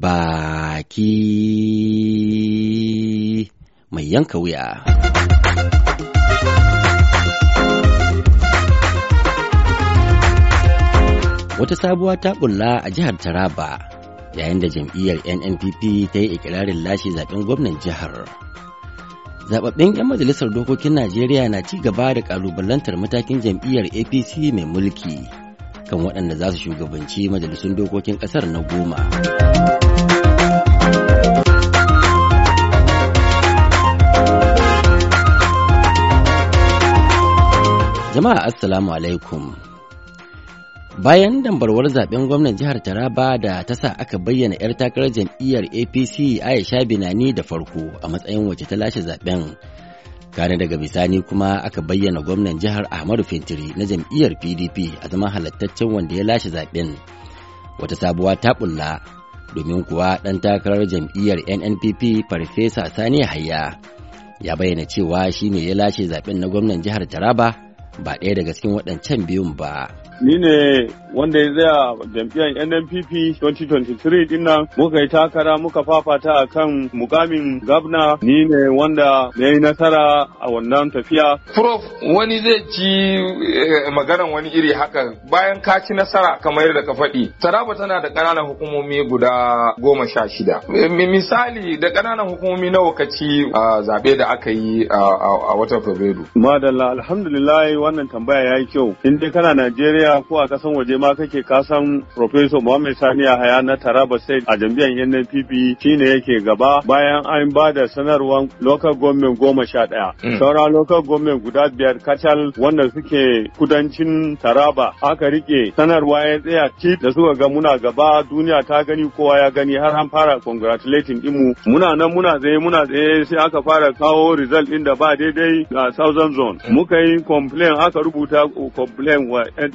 baki mai yanka wuya. Wata sabuwa ta ɓulla a jihar Taraba yayin da jam'iyyar NNPP ta yi ikirarin lashe zaɓen gwamnan jihar. Zaɓaɓɓen 'yan majalisar dokokin Najeriya na ci gaba da kalubalantar matakin jam'iyyar APC mai mulki. kan waɗanda za su shugabanci majalisun dokokin ƙasar na goma. Jama'a Assalamu alaikum. Bayan dambarwar zaben gwamnan jihar Taraba da ta sa aka bayyana 'yar takarar jam'iyyar APC Aisha Binani da farko a matsayin wacce ta lashe zaben. kare daga bisani kuma aka bayyana gwamnan jihar Ahmadu Fintiri na jam'iyyar PDP a zama halattaccen wanda ya lashe zaben. Wata sabuwa ta bulla domin kuwa ɗan takarar jam'iyyar NNPP Farfesa Sani Hayya ya bayyana cewa shi ne ya lashe zaben na gwamnan jihar Taraba. ba ɗaya daga cikin waɗancan biyun ba. Ni ne wanda ya tsaya jam'iyyar NNPP 2023 din nan muka yi takara muka fafata a kan mukamin gabna ni ne wanda ya yi nasara a wannan tafiya. Prof wani zai ci eh, maganan wani iri haka bayan ka ci nasara kamar da ka faɗi. Taraba tana da ƙananan hukumomi guda goma sha shida. Eh, misali da ƙananan hukumomi nawa ka ci zaɓe da aka yi a watan Fabrairu. Madalla alhamdulillah wannan tambaya ya yi kyau. In dai kana Najeriya ko a kasan waje ma kake kasan Professor Muhammad Sani Yahaya na Taraba State a jam'iyyar NNPP shine yake gaba bayan an ba da sanarwar local government goma sha ɗaya. Mm. Sauran local government guda biyar kacal wanda suke kudancin Taraba aka rike sanarwa ya tsaya ci da suka ga muna gaba duniya ta gani kowa ya gani har an fara congratulating dinmu muna nan muna tsaye muna tsaye sai aka fara kawo result din da ba daidai a Southern Zone. Mm. Muka yi complain complain aka rubuta complain wa eh,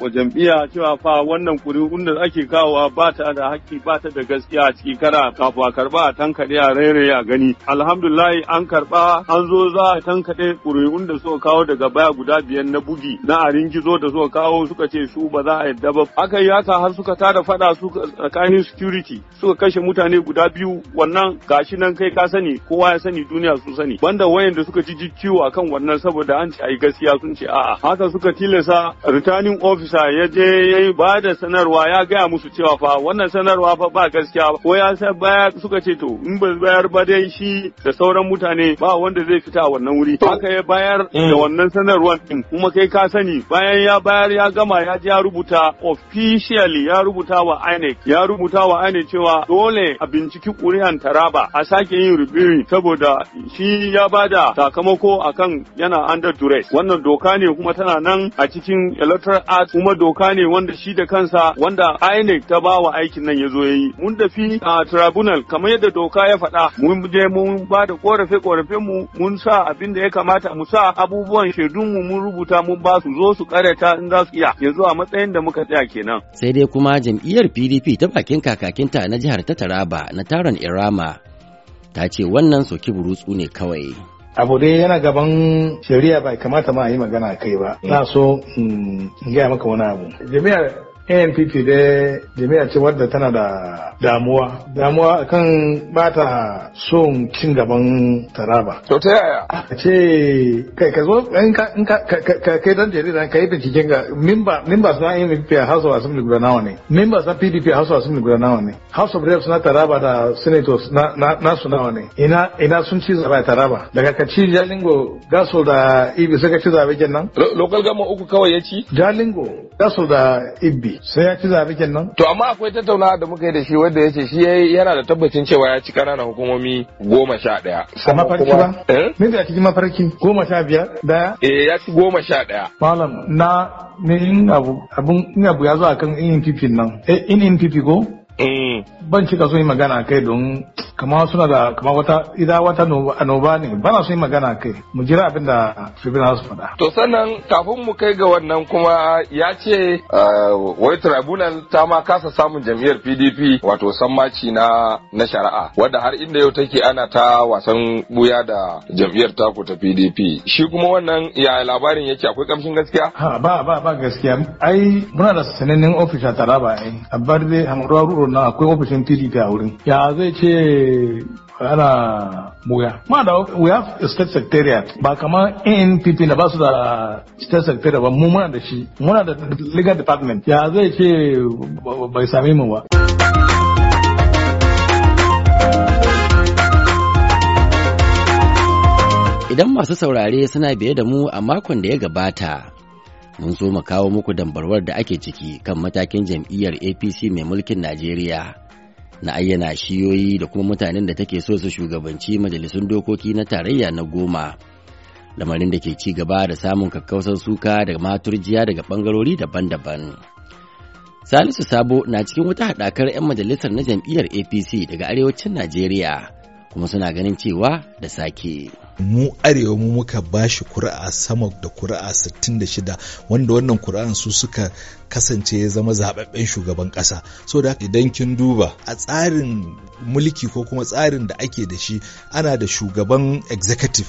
wa jam'iyya cewa fa wannan kuri'un da ake kawowa ba ta da haƙƙi ba ta da gaskiya a ciki kara kafu a karba a tankaɗe a rairaye a gani alhamdulillah an karba an zo za a tankaɗe kuri'un da suka kawo daga baya guda biyar na bugi na a ringizo da suka kawo suka ce su ba za a yadda ba aka yi haka har suka tada fada su tsakanin security suka kashe mutane guda biyu wannan gashi nan kai ka sani kowa ya sani duniya su sani banda wayanda suka ji ciwo akan wannan saboda an ci a yi gaskiya gaskiya sun ce a'a haka suka tilasa returning officer ya je ya ba da sanarwa ya gaya musu cewa fa wannan sanarwa fa ba gaskiya ko ya sa baya suka ce to in ba bayar ba dai shi da sauran mutane ba wanda zai fita a wannan wuri haka ya bayar da mm. wannan sanarwar din kuma kai ka sani bayan ya bayar ya gama ya ji ya rubuta officially ya rubuta wa INEC ya rubuta wa INEC cewa dole a binciki kuri'an Taraba a sake yin rubiri saboda shi ya bada sakamako akan yana under duress wannan wannan doka ne kuma tana nan a cikin electoral act kuma doka ne wanda shi da kansa wanda INEC ta ba wa aikin nan ya zo ya yi mun tafi a tribunal kamar yadda doka ya faɗa mun je mun ba da korafe korafe mu mun sa abin da ya kamata mu sa abubuwan shaidun mu mun rubuta mun ba su zo su karata in za su iya yanzu a matsayin da muka tsaya kenan sai dai kuma jam'iyyar PDP ta bakin kakakinta na jihar ta Taraba na taron Irama ta ce wannan soki burutsu ne kawai abu dai yana gaban shari'a bai kamata ma a yi magana kai ba na so in gaya maka wani abu jami'ar NPP dai jami'a ce wadda tana da damuwa damuwa kan bata son cin gaban taraba to ta yaya a ce kai ka zo in ka kai dan jarida ka yi binciken ga memba memba suna NPP a House of Assembly guda nawa ne memba suna PDP a House of Assembly guda nawa ne House of Reps na taraba da senators na na su nawa ne ina ina sun ci zaba taraba daga ka ci Jalingo Gasol da Ibi suka ci zabe kenan local gama uku kawai ya ci Jalingo Gasol da Ibi sai ya ci zabe kenan to amma akwai tattaunawa da muka yi da shi wanda yace shi yana da tabbacin cewa ya ci kananan hukumomi goma sha ɗaya. a mafarki ba me eh? da cikin mafarki goma sha biyar daya eh ya ci goma sha ɗaya. malam na ne in abu abun in abu ya zo akan in fifin nan eh In fifi go eh mm. ban cika so yi magana kai don kama suna da kama wata idan wata anoba ne bana son yi magana kai mu jira abin da tribunal su faɗa. to sannan kafin mu kai ga wannan kuma ya ce eh, wai tribunal ta ma kasa samun jam'iyyar pdp wato sammaci na na shari'a wadda har inda yau take ana ta wasan buya da jam'iyyar taku ta pdp shi kuma wannan ya labarin yake akwai kamshin gaskiya. ha ba ba ba gaskiya ai muna da sanannen ofishin taraba ai a barde hamaruwa ruru na akwai ofishin PDP a wurin ya zai ce ana wuya ma da have state secretariat ba kamar NPP da ba su da state secretariat ba mu muna da shi muna da legal department ya zai ce bai same mu ba Idan masu saurare suna biye da mu a makon da ya gabata, mun zo mu kawo muku dambarwar da ake ciki kan matakin jam'iyyar APC mai mulkin Najeriya na ayyana shiyoyi da kuma mutanen da take so su shugabanci majalisun dokoki na tarayya na goma lamarin da ke ci gaba da samun kakkausar suka da maturjiya daga bangarori daban-daban salisu sabo na cikin wata haɗakar 'yan majalisar na jam'iyyar apc daga arewacin najeriya kuma suna ganin cewa da sake mu arewa mu muka bashi kuri'a sama da kuri'a 66 wanda wannan kuri'an su suka kasance ya zama zababben shugaban ƙasa. so da idan kin duba a tsarin mulki ko kuma tsarin da ake da shi ana da shugaban executive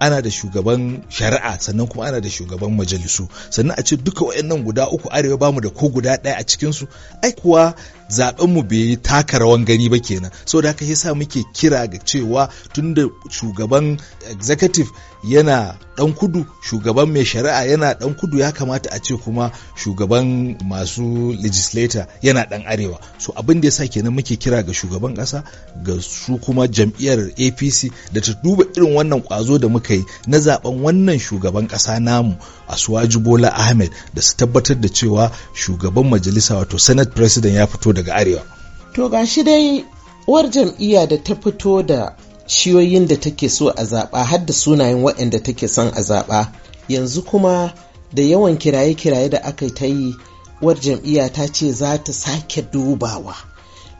ana da shugaban shari'a sannan kuma ana da shugaban majalisu sannan a ce duka wayannan guda uku arewa bamu da ko guda ɗaya a cikinsu ai kuwa zaben mu bai taka rawan gani ba kenan so da haka yasa muke kira ga cewa tunda shugaban executive yana ɗan kudu shugaban mai shari'a yana ɗan kudu ya kamata a ce kuma shugaban masu legislator yana ɗan arewa so abin da yasa kenan muke kira ga shugaban ƙasa ga su kuma jam'iyyar APC da ta duba irin wannan kwazo da muka yi na zaben wannan shugaban kasa namu a Asuwaji Bola Ahmed da su tabbatar da cewa shugaban majalisa wato Senate President ya fito daga arewa to ga shi dai uwar jam'iyya da ta fito da ciyoyin da take so a zaɓa har da sunayen waɗanda take son a zaɓa yanzu kuma da yawan kiraye-kiraye da aka ta yi uwar jam'iyya ta ce za ta sake dubawa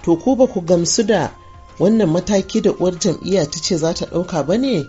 to ko ba ku gamsu da wannan mataki da uwar jam'iyya ta ce za ta ɗauka ba ne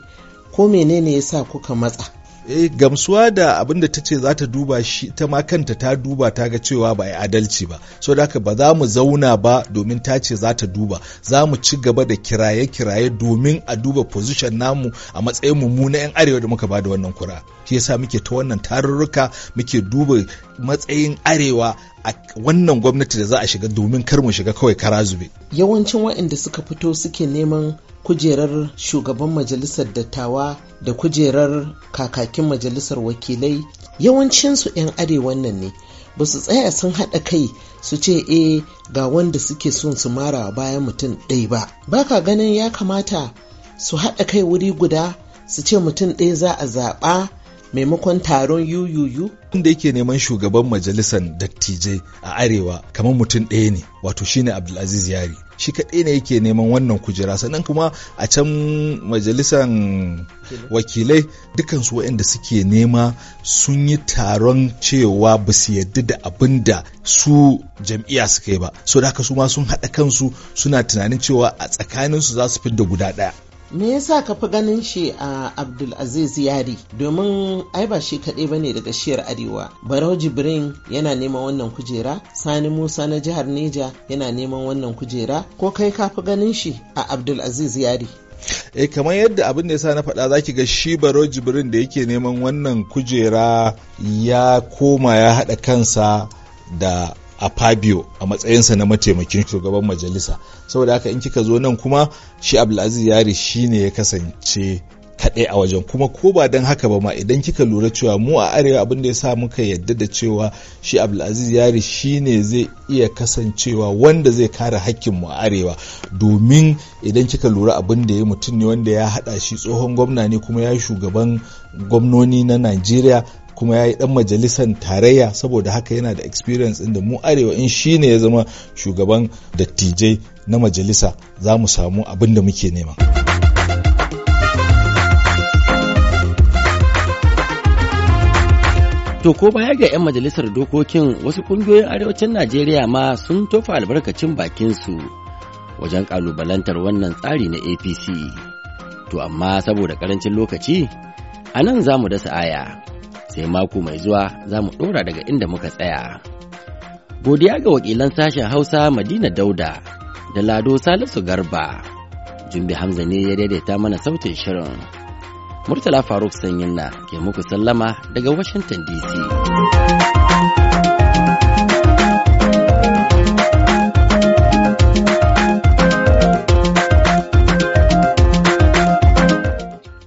ko menene ya sa kuka matsa eh gamsuwa da abin da ta ce za ta duba shi ta ma kanta ta duba ta ga cewa ba ya adalci ba so da haka ba za mu zauna ba domin ta ce za ta duba za mu ci gaba da kiraye-kiraye domin a duba position namu a matsayin mu na 'yan arewa da muka ba da wannan kura shi yasa muke ta wannan tarurruka muke duba matsayin arewa a wannan gwamnati da za a shiga domin kar mu shiga kawai kara zube yawancin waɗanda suka fito suke neman kujerar shugaban majalisar dattawa da kujerar kakakin majalisar wakilai yawancinsu 'yan arewa nan ne ba su tsaya sun haɗa kai su ce e ga wanda suke son su mara bayan mutum ɗaya ba Baka ganin ya kamata su haɗa kai wuri guda su ce mutum ɗaya za a zaɓa maimakon taron yuyuyu inda yake neman shugaban majalisar dattijai a arewa kamar mutum ɗaya ne wato shine abdulaziz yari shi kaɗai ne yake neman wannan kujera sannan kuma a can majalisar wakilai su waɗanda suke nema sun yi taron cewa ba su yadda da abin da su jam'iyya suka yi ba so da haka su ma sun haɗa kansu suna tunanin cewa a tsakaninsu za su fidda guda ɗaya me yasa ka fi ganin shi a abdulaziz yari domin ai ba shi kaɗai ba ne daga shiyar arewa barau jibrin yana neman wannan kujera sani musa na jihar neja yana neman wannan kujera ko kai ka fi ganin shi a abdulaziz yari eh kamar yadda abin da yasa na faɗa zaki ga shi baro jibrin da yake neman wannan kujera ya koma ya haɗa kansa da a Fabio a matsayinsa na mataimakin shugaban majalisa saboda haka in kika zo nan kuma shi Abdulaziz Yari ne ya kasance kaɗai a wajen kuma ko ba don haka ba ma idan kika lura cewa mu a arewa abin da ya sa muka yadda da cewa shi abdulaziz yari shine zai iya kasancewa wanda zai kare hakkin mu a arewa domin idan kika lura abin da ya mutum ne wanda ya hada shi tsohon gwamna ne kuma ya shugaban gwamnoni na najeriya kuma ya yi dan majalisar tarayya saboda haka yana da experience inda mu arewa in shi ne ya zama shugaban dattijai na majalisa za mu samu abin da muke nema. To ko baya ga 'yan majalisar dokokin wasu kungiyoyin arewacin Najeriya ma sun tofa albarkacin bakinsu wajen kalubalantar wannan tsari na APC. To amma saboda karancin lokaci, a nan za mu dasa aya sai mako mai zuwa za mu ɗora daga inda muka tsaya. Godiya ga wakilan sashen Hausa Madina Dauda da Lado Salisu Garba. Jumbi Hamza ne ya daidaita mana sautin shirin. Murtala Faruk Sanyin na ke muku sallama daga Washington DC.